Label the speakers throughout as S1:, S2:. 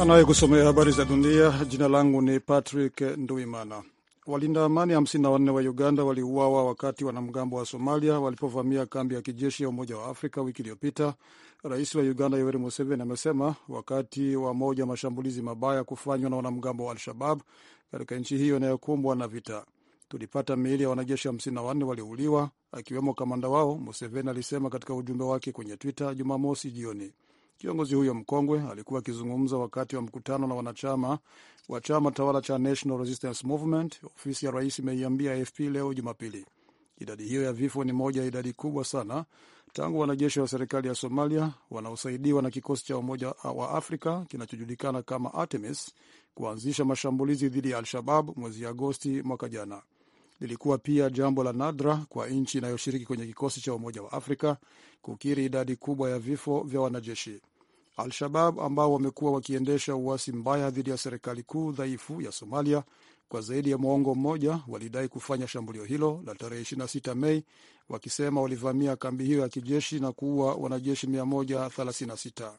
S1: anayekusomea habari za dunia. Jina langu ni Patrick Nduimana. Walinda amani 54 wa Uganda waliuawa wakati wanamgambo wa Somalia walipovamia kambi ya kijeshi ya Umoja wa Afrika wiki iliyopita, rais wa Uganda Yoweri Museveni amesema, wakati wa moja mashambulizi mabaya kufanywa na wanamgambo wa Al-Shabab katika nchi hiyo inayokumbwa na vita. Tulipata miili ya wanajeshi 54 waliouliwa, akiwemo kamanda wao, Museveni alisema katika ujumbe wake kwenye Twitter Jumamosi jioni. Kiongozi huyo mkongwe alikuwa akizungumza wakati wa mkutano na wanachama wa chama tawala cha National Resistance Movement. Ofisi ya rais imeiambia AFP leo Jumapili idadi hiyo ya vifo ni moja ya idadi kubwa sana tangu wanajeshi wa serikali ya Somalia wanaosaidiwa na kikosi cha Umoja wa Afrika kinachojulikana kama Artemis kuanzisha mashambulizi dhidi ya Al-Shabab mwezi Agosti mwaka jana. Lilikuwa pia jambo la nadra kwa nchi inayoshiriki kwenye kikosi cha Umoja wa Afrika kukiri idadi kubwa ya vifo vya wanajeshi. Al-Shabab ambao wamekuwa wakiendesha uasi mbaya dhidi ya serikali kuu dhaifu ya Somalia kwa zaidi ya mwongo mmoja walidai kufanya shambulio hilo la tarehe 26 Mei, wakisema walivamia kambi hiyo ya kijeshi na kuua wanajeshi 136.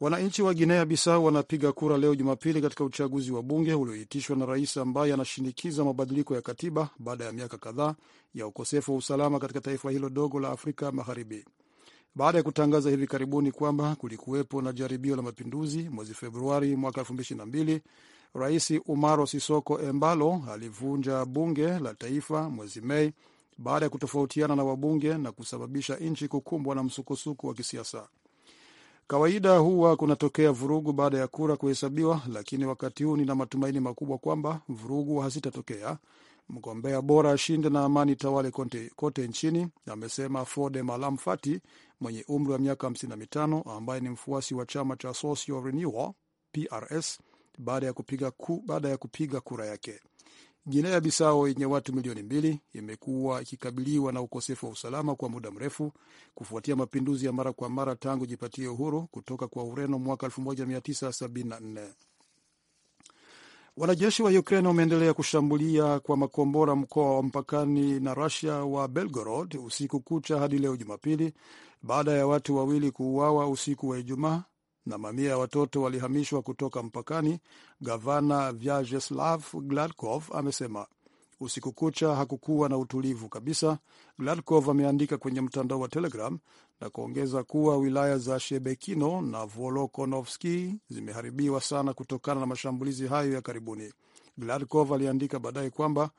S1: Wananchi wa Guinea Bissau wanapiga kura leo Jumapili katika uchaguzi wa bunge ulioitishwa na rais ambaye anashinikiza mabadiliko ya katiba baada ya miaka kadhaa ya ukosefu wa usalama katika taifa hilo dogo la Afrika Magharibi. Baada ya kutangaza hivi karibuni kwamba kulikuwepo na jaribio la mapinduzi mwezi Februari mwaka 2022, Rais Umaro Sisoko Embalo alivunja bunge la taifa mwezi Mei baada ya kutofautiana na wabunge na kusababisha nchi kukumbwa na msukosuko wa kisiasa. Kawaida huwa kunatokea vurugu baada ya kura kuhesabiwa, lakini wakati huu nina matumaini makubwa kwamba vurugu hazitatokea, mgombea bora ashinde na amani tawale kote, kote nchini, amesema Fode Malam Fati mwenye umri wa miaka 55 ambaye ni mfuasi wa chama cha Social Renewal PRS baada ya kupiga, ku, baada ya kupiga kura yake. Guinea bisao yenye watu milioni mbili imekuwa ikikabiliwa na ukosefu wa usalama kwa muda mrefu kufuatia mapinduzi ya mara kwa mara tangu jipatie uhuru kutoka kwa Ureno mwaka 1974. Wanajeshi wa Ukraine wameendelea kushambulia kwa makombora mkoa wa mpakani na Rusia wa Belgorod usiku kucha hadi leo Jumapili, baada ya watu wawili kuuawa usiku wa Ijumaa na mamia ya watoto walihamishwa kutoka mpakani, gavana Vyacheslav Gladkov amesema. Usiku kucha hakukuwa na utulivu kabisa, Gladkov ameandika kwenye mtandao wa Telegram na kuongeza kuwa wilaya za Shebekino na Volokonovski zimeharibiwa sana kutokana na mashambulizi hayo ya karibuni. Gladkov aliandika baadaye kwamba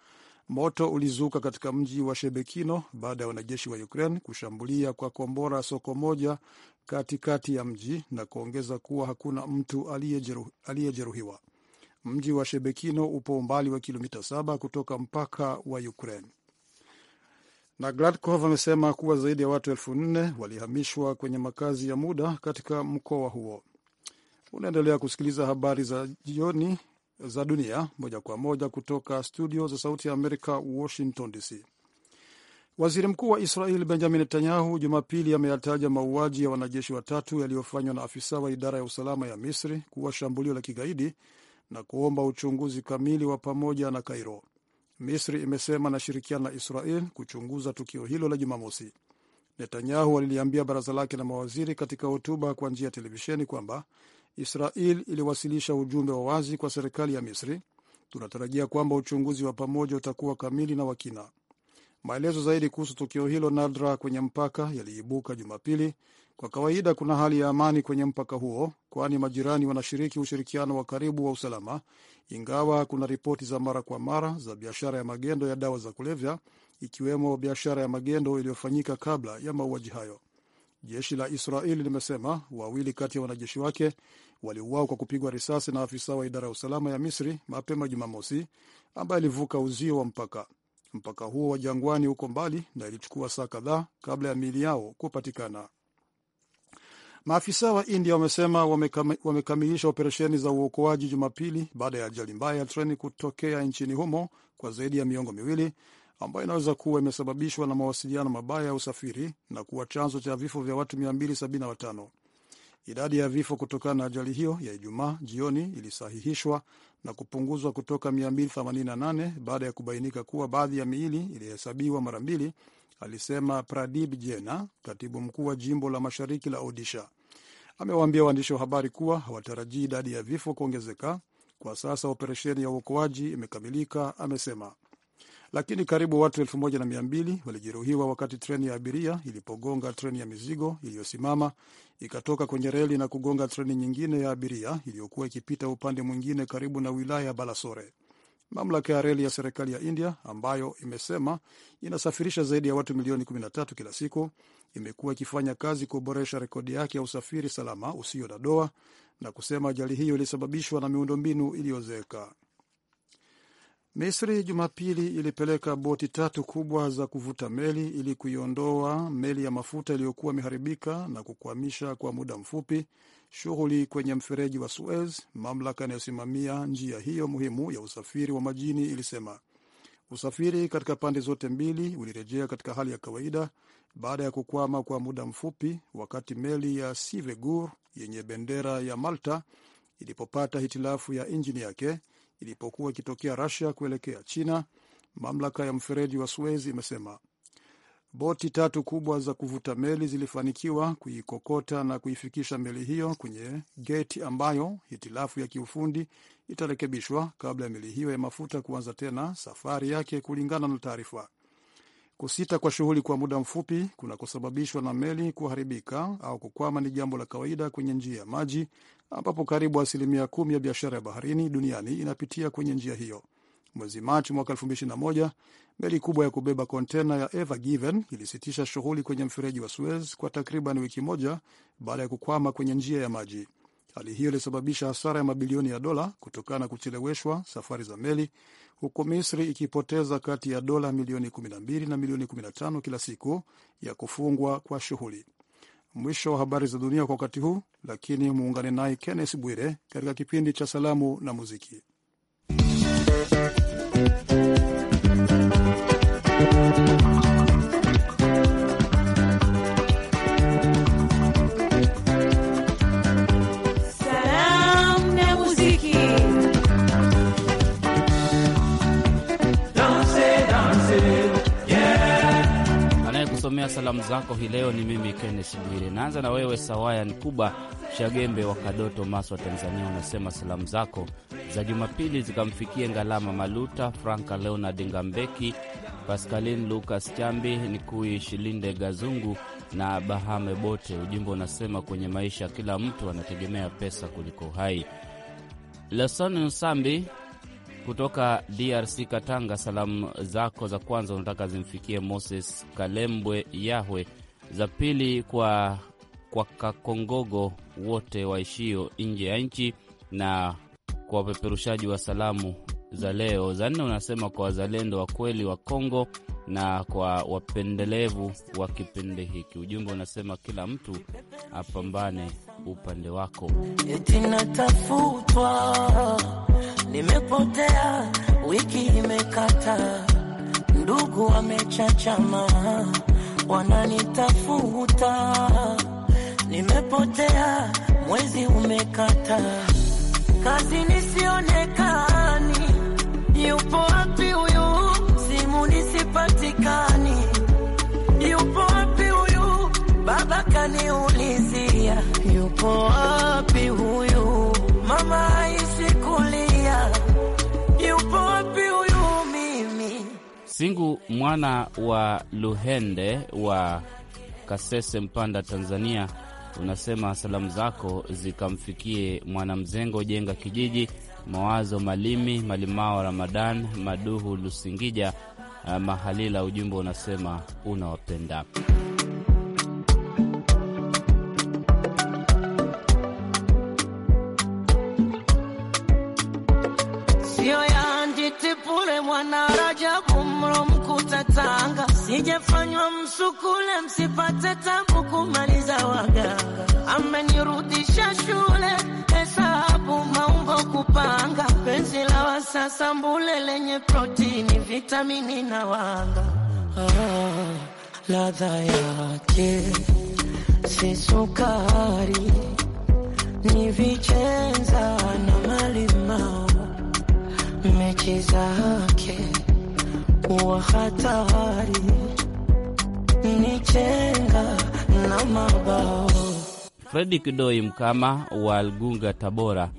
S1: Moto ulizuka katika mji wa Shebekino baada ya wanajeshi wa Ukraine kushambulia kwa kombora soko moja katikati ya mji na kuongeza kuwa hakuna mtu aliyejeruhiwa. Mji wa Shebekino upo umbali wa kilomita saba kutoka mpaka wa Ukraine. Na Gladkov amesema kuwa zaidi ya watu elfu nne walihamishwa kwenye makazi ya muda katika mkoa huo. Unaendelea kusikiliza habari za jioni za dunia moja kwa moja kutoka studio za Sauti ya Amerika, Washington DC. Waziri Mkuu wa Israel Benjamin Netanyahu Jumapili ameyataja mauaji ya wanajeshi watatu yaliyofanywa na afisa wa idara ya usalama ya Misri kuwa shambulio la kigaidi na kuomba uchunguzi kamili wa pamoja na Kairo. Misri imesema nashirikiana na Israel kuchunguza tukio hilo la Jumamosi. Netanyahu aliliambia baraza lake la mawaziri katika hotuba kwa njia ya televisheni kwamba Israel iliwasilisha ujumbe wa wazi kwa serikali ya Misri. Tunatarajia kwamba uchunguzi wa pamoja utakuwa kamili na wakina Maelezo zaidi kuhusu tukio hilo nadra kwenye mpaka yaliibuka Jumapili. Kwa kawaida kuna hali ya amani kwenye mpaka huo, kwani majirani wanashiriki ushirikiano wa karibu wa usalama, ingawa kuna ripoti za mara kwa mara za biashara ya magendo ya dawa za kulevya, ikiwemo biashara ya magendo iliyofanyika kabla ya mauaji hayo. Jeshi la Israeli limesema wawili kati ya wanajeshi wake waliuawa kwa kupigwa risasi na afisa wa idara ya usalama ya Misri mapema Jumamosi, ambaye alivuka uzio wa mpaka. Mpaka huo wa jangwani uko mbali na ilichukua saa kadhaa kabla ya miili yao kupatikana. Maafisa wa India wamesema wamekamilisha operesheni za uokoaji Jumapili baada ya ajali mbaya ya treni kutokea nchini humo kwa zaidi ya miongo miwili ambayo inaweza kuwa imesababishwa na mawasiliano mabaya ya usafiri na kuwa chanzo cha vifo vya watu 275. Idadi ya vifo kutokana na ajali hiyo ya Ijumaa jioni ilisahihishwa na kupunguzwa kutoka 288 baada ya kubainika kuwa baadhi ya miili ilihesabiwa mara mbili, alisema pradib Jena, katibu mkuu wa jimbo la mashariki la Odisha. Amewaambia waandishi wa habari kuwa hawatarajii idadi ya vifo kuongezeka. Kwa sasa operesheni ya uokoaji imekamilika, amesema lakini karibu watu elfu moja na mia mbili walijeruhiwa wakati treni ya abiria ilipogonga treni ya mizigo iliyosimama ikatoka kwenye reli na kugonga treni nyingine ya abiria iliyokuwa ikipita upande mwingine karibu na wilaya ya Balasore. Mamlaka ya reli ya serikali ya India ambayo imesema inasafirisha zaidi ya watu milioni 13 kila siku imekuwa ikifanya kazi kuboresha rekodi yake ya usafiri salama usio na doa na kusema ajali hiyo ilisababishwa na miundombinu iliyozeeka. Misri Jumapili ilipeleka boti tatu kubwa za kuvuta meli ili kuiondoa meli ya mafuta iliyokuwa imeharibika na kukwamisha kwa muda mfupi shughuli kwenye mfereji wa Suez. Mamlaka inayosimamia njia hiyo muhimu ya usafiri wa majini ilisema usafiri katika pande zote mbili ulirejea katika hali ya kawaida baada ya kukwama kwa muda mfupi, wakati meli ya Sivegur yenye bendera ya Malta ilipopata hitilafu ya injini yake ilipokuwa ikitokea rasia kuelekea China, mamlaka ya mfereji wa Suez imesema. Boti tatu kubwa za kuvuta meli zilifanikiwa kuikokota na kuifikisha meli hiyo kwenye geti ambayo hitilafu ya kiufundi itarekebishwa kabla ya meli hiyo ya mafuta kuanza tena safari yake, kulingana na taarifa. Kusita kwa shughuli kwa muda mfupi kunakosababishwa na meli kuharibika au kukwama ni jambo la kawaida kwenye njia ya maji, ambapo karibu asilimia kumi ya biashara ya baharini duniani inapitia kwenye njia hiyo. Mwezi Machi mwaka 2021 meli kubwa ya kubeba kontena ya Ever Given ilisitisha shughuli kwenye mfereji wa Suez kwa takriban wiki moja baada ya kukwama kwenye njia ya maji. Hali hiyo ilisababisha hasara ya mabilioni ya dola kutokana na kucheleweshwa safari za meli, huku Misri ikipoteza kati ya dola milioni 12 na milioni 15 kila siku ya kufungwa kwa shughuli. Mwisho wa habari za dunia kwa wakati huu, lakini muungane naye Kenneth Bwire katika kipindi cha salamu na muziki.
S2: kusomea salamu zako hii leo ni mimi Kennes Bwire. Naanza na wewe Sawayan Kuba Shagembe wa Kadoto, Maswa, Tanzania. Unasema salamu zako za Jumapili zikamfikie Ngalama Maluta, Franka Leonard Ngambeki, paskalin Lucas Chambi, Nikui Shilinde Gazungu na Bahame bote. Ujumbe unasema kwenye maisha kila mtu anategemea pesa kuliko uhai. Lasoni Nsambi kutoka DRC Katanga, salamu zako za kwanza unataka zimfikie Moses Kalembwe Yahwe, za pili kwa kwa Kakongogo wote waishio nje ya nchi na kwa wapeperushaji wa salamu za leo. Za nne unasema kwa wazalendo wa kweli wa Kongo na kwa wapendelevu wa kipindi hiki. Ujumbe unasema kila mtu apambane upande wako. Eti
S3: natafutwa, nimepotea, wiki imekata, ndugu wamechachama, wananitafuta, nimepotea, mwezi umekata, kazi nisionekana yupo wapi huyu? yupo wapi huyu? Baba kaniulizia, yupo wapi huyu? Mama yupo wapi huyu? Mimi
S2: Singu mwana wa Luhende wa Kasese, Mpanda, Tanzania, unasema salamu zako zikamfikie Mwanamzengo Jenga kijiji Mawazo Malimi, Malimao Ramadan, Maduhu Lusingija, uh, Mahalila. Ujumbe unasema unawapenda.
S3: Tipule mwana Rajabu mro mkutatanga, sijafanywa msukule, msipate tabu kumaliza waganga amenirudi sasa mbule lenye protini, vitamini na wanga. Ah, ladha yake si sukari, ni vichenza na malimao. Mechi zake kuwa hatari, ni chenga na mabao.
S2: Fredi Kidoi Mkama wa Algunga, Tabora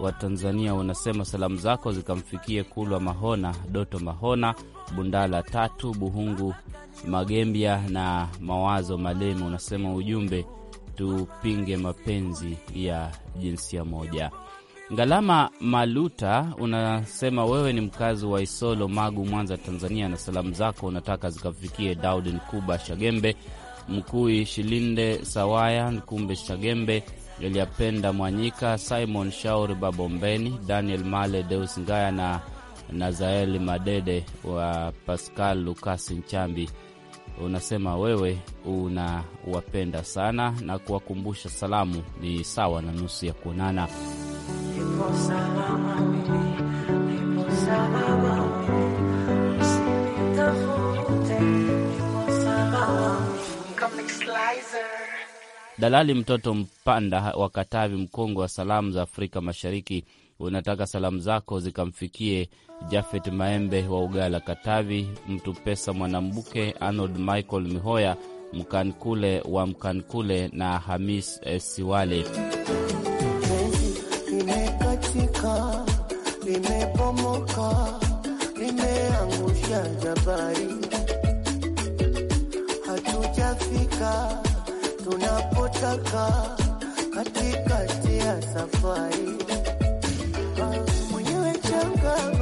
S2: wa tanzania wanasema salamu zako zikamfikie Kulwa Mahona, Doto Mahona, Bundala Tatu, Buhungu magembya na Mawazo Malemi. Unasema ujumbe, tupinge mapenzi ya jinsia moja. Ngalama Maluta unasema wewe ni mkazi wa Isolo, Magu, Mwanza, Tanzania, na salamu zako unataka zikamfikie Daudi Nkuba Shagembe, Mkui Shilinde Sawaya Nkumbe Shagembe Liliapenda Mwanyika, Simon Shauri Babombeni, Daniel Male, Deus Ngaya na Nazaeli Madede wa Pascal Lukasi Nchambi. Unasema wewe unawapenda sana na kuwakumbusha salamu ni sawa na nusu ya kuonana. Dalali Mtoto Mpanda wa Katavi, mkongwe wa salamu za Afrika Mashariki, unataka salamu zako zikamfikie Jafet Maembe wa Ugala, Katavi, mtu pesa Mwanambuke, Arnold Michael Mihoya Mkankule wa Mkankule na Hamis eh, Siwale.
S3: Limekatika, limebomoka, limeangusha jabari, hatujafika nataka katikati ya safari ah, mwenyewe changa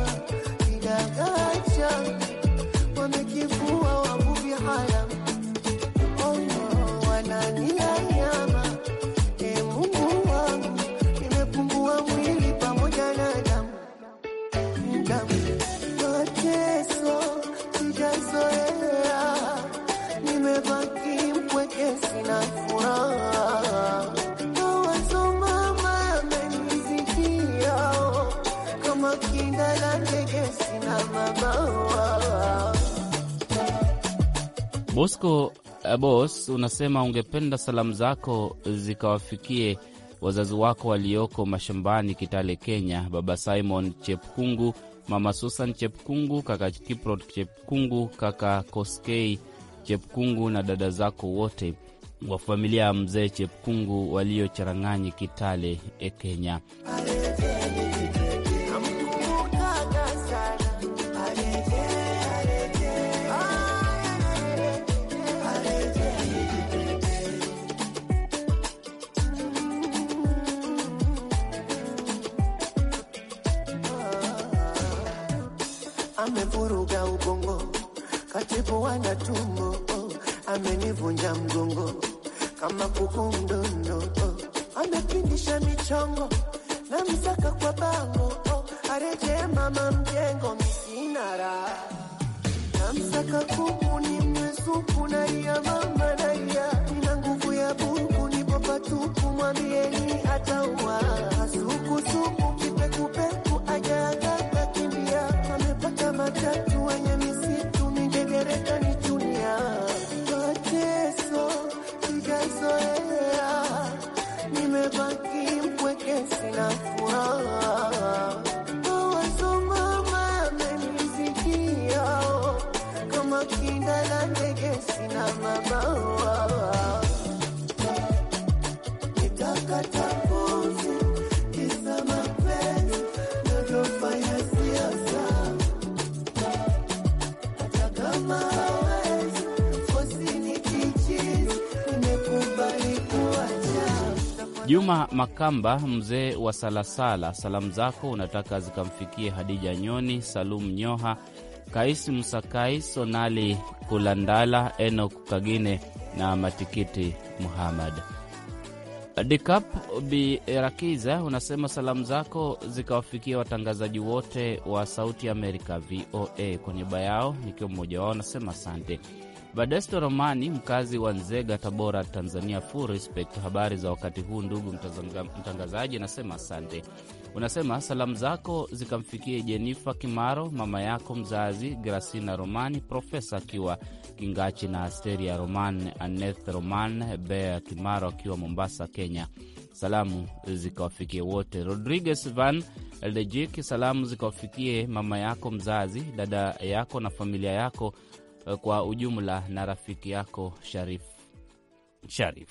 S2: Bosco eh, Bos, unasema ungependa salamu zako zikawafikie wazazi wako walioko mashambani Kitale, Kenya, Baba Simon Chepkungu, Mama Susan Chepkungu, Kaka Kiprot Chepkungu, Kaka Koskei Chepkungu na dada zako wote wa familia ya Mzee Chepkungu walio Charang'anyi, Kitale, eh, Kenya. Mama. Juma Makamba, mzee wa Salasala, salamu zako unataka zikamfikie Hadija Nyoni, Salum Nyoha, Kais Msakai, Sonali Kulandala, Enok Kagine na Matikiti Muhammad. Dikap Birakiza unasema salamu zako zikawafikia watangazaji wote wa Sauti Amerika VOA. Kwa niaba yao nikiwa mmoja wao, nasema asante. Badesto Romani, mkazi wa Nzega, Tabora, Tanzania. Full respect. Habari za wakati huu ndugu mtangazaji, anasema asante. Unasema salamu zako zikamfikie Jenifa Kimaro, mama yako mzazi, Grasina Romani, Profesa akiwa Kingachi na Asteria Roman, Aneth Roman, Bea Kimaro akiwa Mombasa, Kenya. Salamu zikawafikie wote. Rodriguez Van Lejik, salamu zikawafikie mama yako mzazi, dada yako na familia yako Eh, kwa ujumla na rafiki yako Sharif Sharif.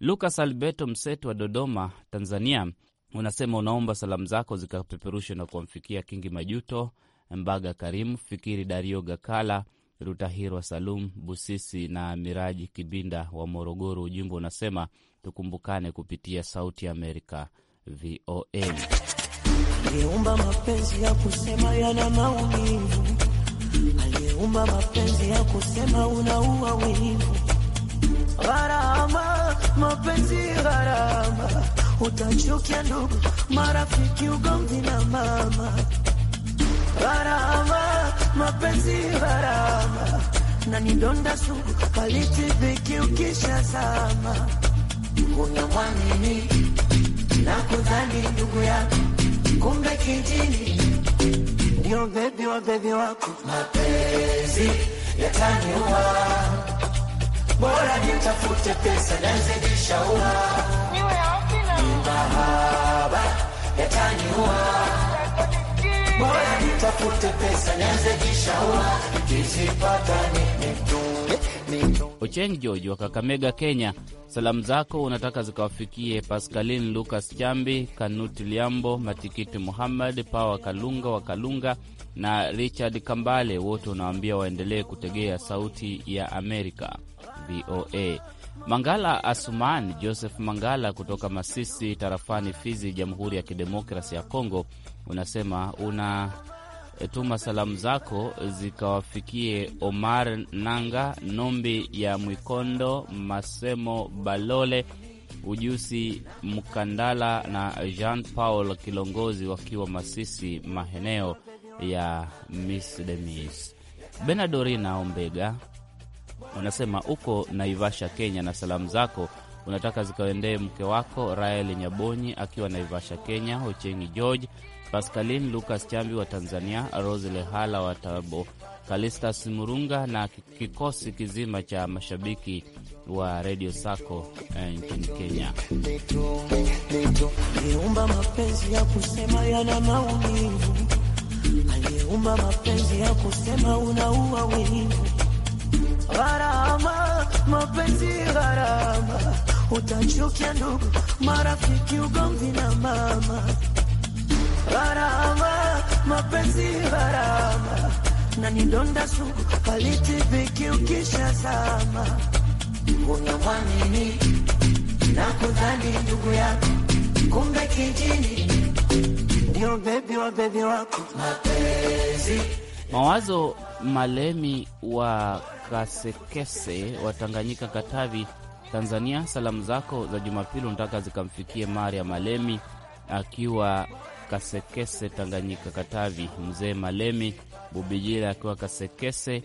S2: Lukas Alberto Mseto wa Dodoma, Tanzania, unasema unaomba salamu zako zikapeperushwe na kumfikia Kingi Majuto, Mbaga Karimu, Fikiri Dario Gakala, Rutahirwa Salum Busisi na Miraji Kibinda wa Morogoro. Ujumbe unasema tukumbukane kupitia Sauti ya Amerika VOA.
S3: mapenzi ya kusema yana maumivu aliyeumba mapenzi ya kusema unaua wivu. Gharama mapenzi gharama, utachukia ndugu, marafiki, ugomvi na mama. Gharama mapenzi gharama, na ni donda sugu halitibiki ukishazama. Unamwamini na kudhani ndugu yako, kumbe kijini ndio bebi wa bebi wako, mapenzi yataniua, bora nitafute pesa nazidisha ua, mahaba yataniua, bora nitafute pesa nazidisha ua,
S2: ni George wa Kakamega, Kenya Salamu zako unataka zikawafikie Pascalin Lucas Chambi, Kanuti Liambo, Matikiti Muhammad, Pawa Kalunga wa Kalunga na Richard Kambale, wote unawaambia waendelee kutegea Sauti ya Amerika VOA. Mangala Asuman Joseph Mangala kutoka Masisi tarafani Fizi, Jamhuri ya Kidemokrasi ya Kongo, unasema una tuma salamu zako zikawafikie Omar Nanga, Nombi ya Mwikondo, Masemo Balole, Ujusi Mkandala na Jean Paul Kilongozi wakiwa Masisi, maeneo ya Miss Demis. Benadorina Ombega unasema uko Naivasha, Kenya, na salamu zako unataka zikaendee mke wako Rael Nyabonyi akiwa Naivasha, Kenya, Ochengi George, pascalin Lucas Chambi wa Tanzania, Rose Lehala wa Tabo, Kalistas Murunga na kikosi kizima cha mashabiki wa redio Sako eh, nchini Kenya.
S3: Aliyeumba mapenzi ya kusema yana maumivu, aliyeumba mapenzi ya kusema unaua wivu, gharama mapenzi gharama utachukia ndugu, marafiki, ugomvi na mama. Gharama mapenzi gharama, na ni sugu palitibiki ukisha zama. Unamwamini na kudhani ndugu yako, kumbe kijini ndio bebi wa bebi wako. Mapenzi
S2: mawazo malemi wa Kasekese wa Tanganyika Katavi Tanzania. Salamu zako za Jumapili unataka zikamfikie Maria Malemi akiwa Kasekese, Tanganyika, Katavi, mzee Malemi Bubijira akiwa Kasekese,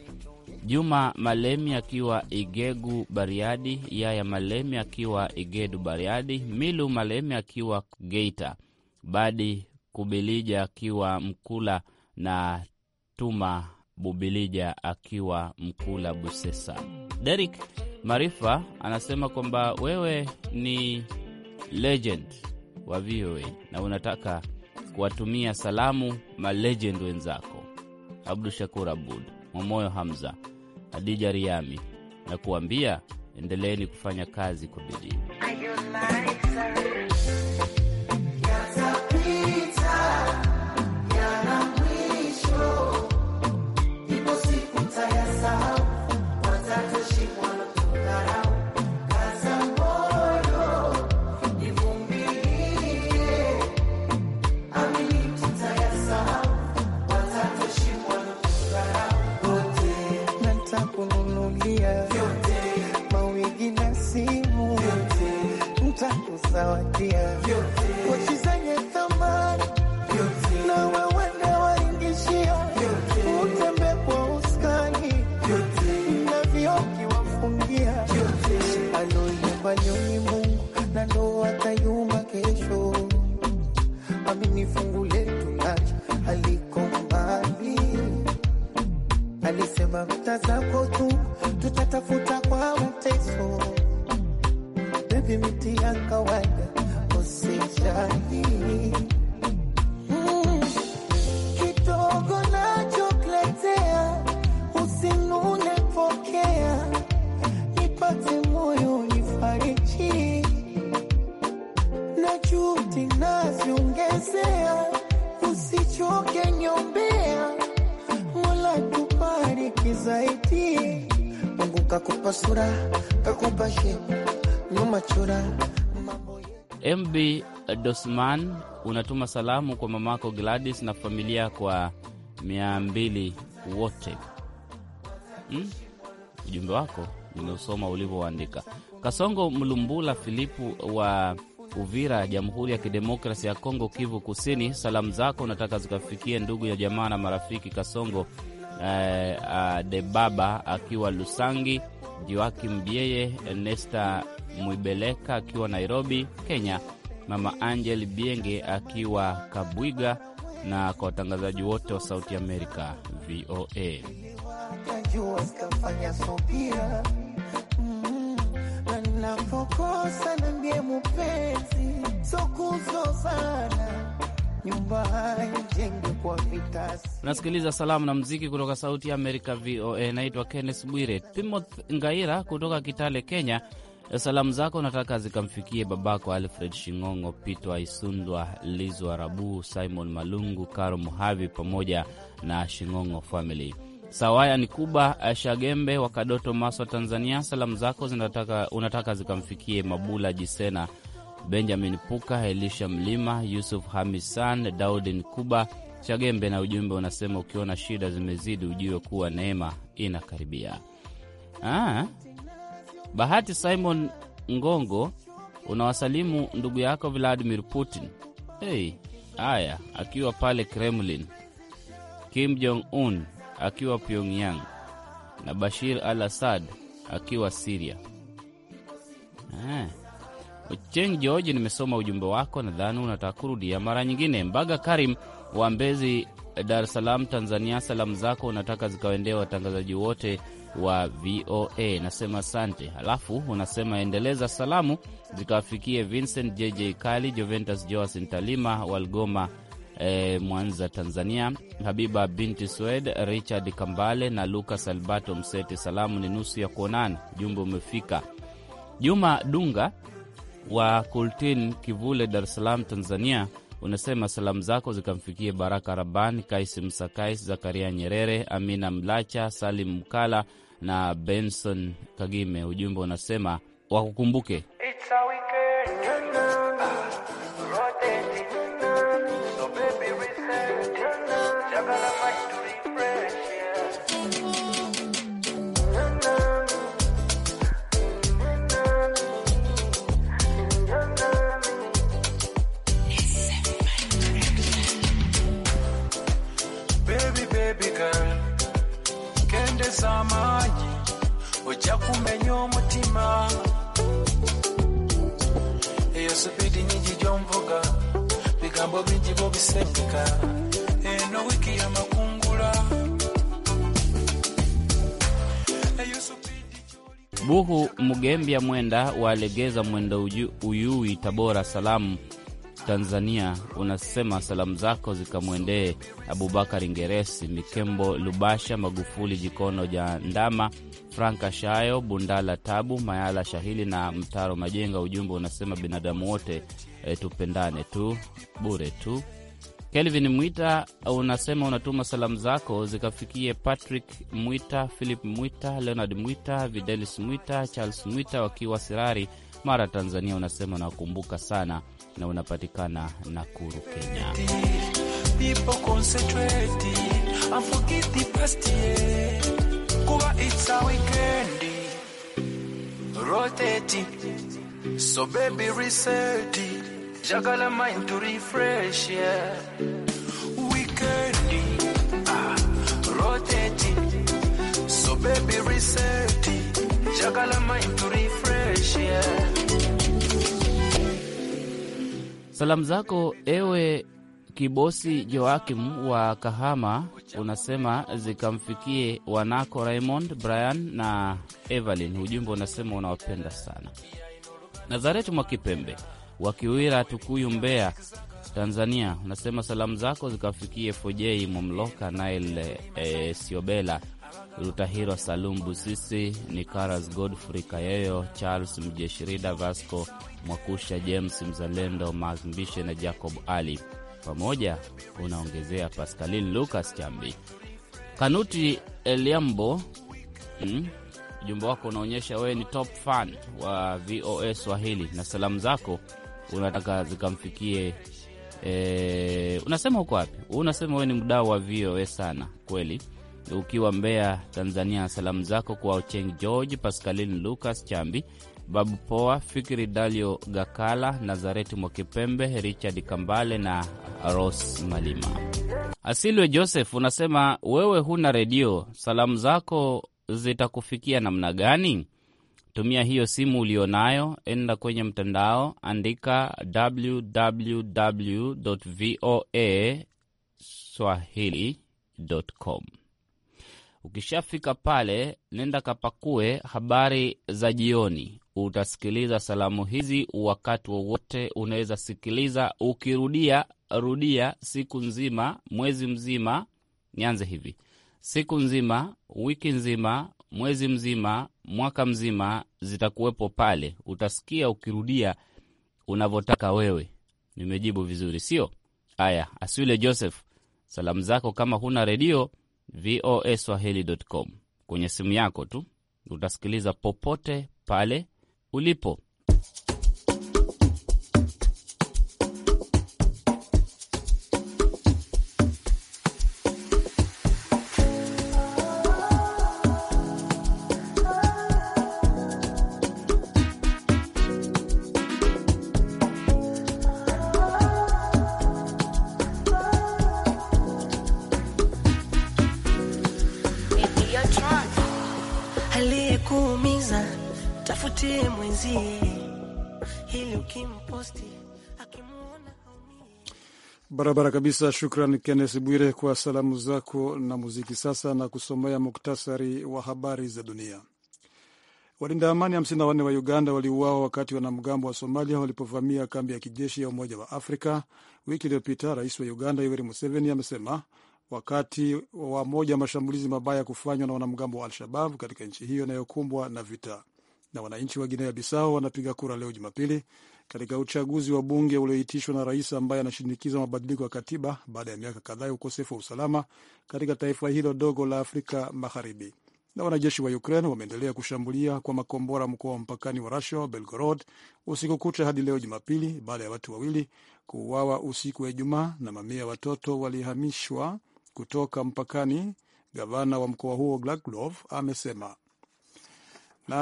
S2: Juma Malemi akiwa Igegu Bariadi, Yaya Malemi akiwa Igedu Bariadi, Milu Malemi akiwa Geita, Badi Kubilija akiwa Mkula na Tuma Bubilija akiwa Mkula Busesa. Derek Marifa anasema kwamba wewe ni legend wa VOA na unataka kuwatumia salamu malegend wenzako Abdu Shakur Abud, Momoyo Hamza, Hadija Riami na kuambia endeleeni kufanya kazi kwa bidii. Dosman, unatuma salamu kwa mamako Gladys na familia kwa mia mbili wote. Hmm? Ujumbe wako nimeusoma ulivyoandika. Kasongo Mlumbula Filipu wa Uvira, Jamhuri ya Kidemokrasi ya Kongo, Kivu Kusini, salamu zako unataka zikafikie ndugu ya jamaa na marafiki Kasongo eh, uh, de baba akiwa Lusangi, Joaki Mbyeye, Nesta Mwibeleka akiwa Nairobi, Kenya, Mama Angel Bienge akiwa Kabwiga na kwa watangazaji wote wa Sauti Amerika VOA. Unasikiliza salamu na mziki kutoka Sauti ya Amerika VOA. Naitwa Kenneth Bwire. Timoth Ngaira kutoka Kitale, Kenya Salamu zako nataka zikamfikie babako Alfred Shing'ong'o, Pitwa Isundwa, Lizwa Rabu, Simon Malungu, Karo Muhavi pamoja na Shing'ong'o family. Sawaya ni Kuba Shagembe wa Kadoto, Maswa, Tanzania. Salamu zako zinataka, unataka zikamfikie Mabula Jisena, Benjamin Puka, Elisha Mlima, Yusuf Hamisan, Daudin Kuba Shagembe, na ujumbe unasema ukiona shida zimezidi ujue kuwa neema inakaribia. Ah, Bahati Simon Ngongo, unawasalimu ndugu yako Vladimir Putin. Hey, aya akiwa pale Kremlin, Kim Jong Un akiwa Pyongyang na Bashir al Assad akiwa Siria. Ah. Ocheng George, nimesoma ujumbe wako, nadhani unataka kurudia mara nyingine. Mbaga Karim wa Mbezi, Dar es Salaam, Tanzania, salamu zako unataka zikawaendea watangazaji wote wa VOA. Nasema asante, halafu unasema endeleza salamu zikawafikie Vincent JJ Kali, Joventus Joas Ntalima Walgoma E, Mwanza Tanzania, Habiba binti Swed, Richard Kambale na Lukas Albato Msete. Salamu ni nusu ya kuonana. Ujumbe umefika. Juma Dunga wa Kultin Kivule, Dar es Salaam, Tanzania, unasema salamu zako zikamfikie Baraka Raban, Kaisi Msakais, Zakaria Nyerere, Amina Mlacha, Salim Mkala na Benson Kagime. Ujumbe unasema wakukumbuke It's Mwenda walegeza Mwenda Uyui, Tabora, salamu Tanzania, unasema salamu zako zikamwendee Abubakari Ngeresi, Mikembo Lubasha, Magufuli Jikono ja Ndama, Franka Shayo, Bundala Tabu, Mayala Shahili na Mtaro Majenga. Ujumbe unasema binadamu wote e, tupendane tu bure tu Kelvin Mwita unasema unatuma salamu zako zikafikie Patrick Mwita, Philip Mwita, Leonard Mwita, Videlis Mwita, Charles Mwita wakiwa Sirari, Mara, Tanzania. Unasema unakumbuka sana na unapatikana Nakuru, Kenya.
S3: so baby reset. Jagala mind to refresh, yeah. Weekendi, ah, rotating. So baby reset Jagala mind to refresh, yeah.
S2: Salamu zako ewe Kibosi Joakim wa Kahama unasema zikamfikie wanako Raymond, Brian na Evelyn. Ujumbe unasema unawapenda sana. Nazareti Mwakipembe Wakiwira, Tukuyu, Mbeya, Tanzania, unasema salamu zako zikafikie Fojei Momloka, Nail eh, Siobela Rutahiro Salum Busisi, Nikaras Godfrey Kayeyo, Charles Mjeshirida, Vasco Mwakusha, James Mzalendo, Mas Mbishe na Jacob Ali pamoja unaongezea pascalin Lucas Chambi, Kanuti Eliambo. Hmm, ujumbe wako unaonyesha wewe ni top fan wa VOA Swahili na salamu zako unataka zikamfikie e, unasema uko wapi? Unasema wewe ni mdau wa VOA sana kweli, ukiwa Mbeya, Tanzania. Salamu zako kwa Ocheng George, Pascaline Lucas Chambi, Babu Poa, Fikiri Dalio Gakala, Nazareti Mwakipembe, Richard Kambale na Ros Malima. Asilwe Joseph, unasema wewe huna redio, salamu zako zitakufikia namna gani? Tumia hiyo simu ulionayo, enda kwenye mtandao, andika www voa swahili.com. Ukishafika pale, nenda kapakue habari za jioni. Utasikiliza salamu hizi wakati wowote, unaweza sikiliza ukirudia rudia siku nzima, mwezi mzima. Nianze hivi: siku nzima, wiki nzima, mwezi mzima, mwaka mzima zitakuwepo pale, utasikia ukirudia unavyotaka wewe. Nimejibu vizuri, sio? Haya, Aswile Joseph, salamu zako kama huna redio VOA swahili.com kwenye simu yako tu utasikiliza popote pale ulipo.
S1: Barabara kabisa. Shukran Kennes Bwire kwa salamu zako na muziki. Sasa na kusomea muktasari wa habari za dunia. Walinda amani wanne wa Uganda waliuawa wakati wanamgambo wa Somalia walipovamia kambi ya kijeshi ya Umoja wa Afrika wiki iliyopita, rais wa Uganda Yoweri Museveni amesema wakati wa moja mashambulizi mabaya kufanywa na wanamgambo wa Al-Shabab katika nchi hiyo inayokumbwa na vita. Na wananchi wa Guinea Bissau wanapiga kura leo Jumapili katika uchaguzi wa bunge ulioitishwa na rais ambaye anashinikiza mabadiliko ya katiba baada ya miaka kadhaa ya ukosefu wa usalama katika taifa hilo dogo la Afrika Magharibi. Na wanajeshi wa Ukraine wameendelea kushambulia kwa makombora mkoa wa mpakani wa Rusia wa Belgorod usiku kucha hadi leo Jumapili, baada ya watu wawili kuuawa usiku wa Ijumaa na mamia ya watoto walihamishwa kutoka mpakani, gavana wa mkoa huo Glaglov amesema. Na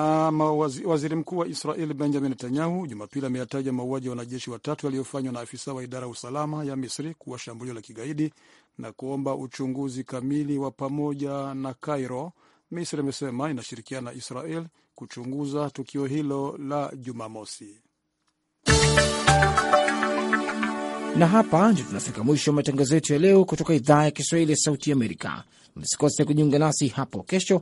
S1: waziri mkuu wa Israel Benjamin Netanyahu Jumapili ameyataja mauaji ya wanajeshi watatu yaliyofanywa na afisa wa idara ya usalama ya Misri kuwa shambulio la kigaidi na kuomba uchunguzi kamili wa pamoja na Cairo. Misri imesema inashirikiana na Israel kuchunguza tukio hilo la Jumamosi.
S4: Na hapa ndio tunafika mwisho wa matangazo yetu ya leo kutoka idhaa ya Kiswahili ya Sauti Amerika. Msikose kujiunga nasi hapo kesho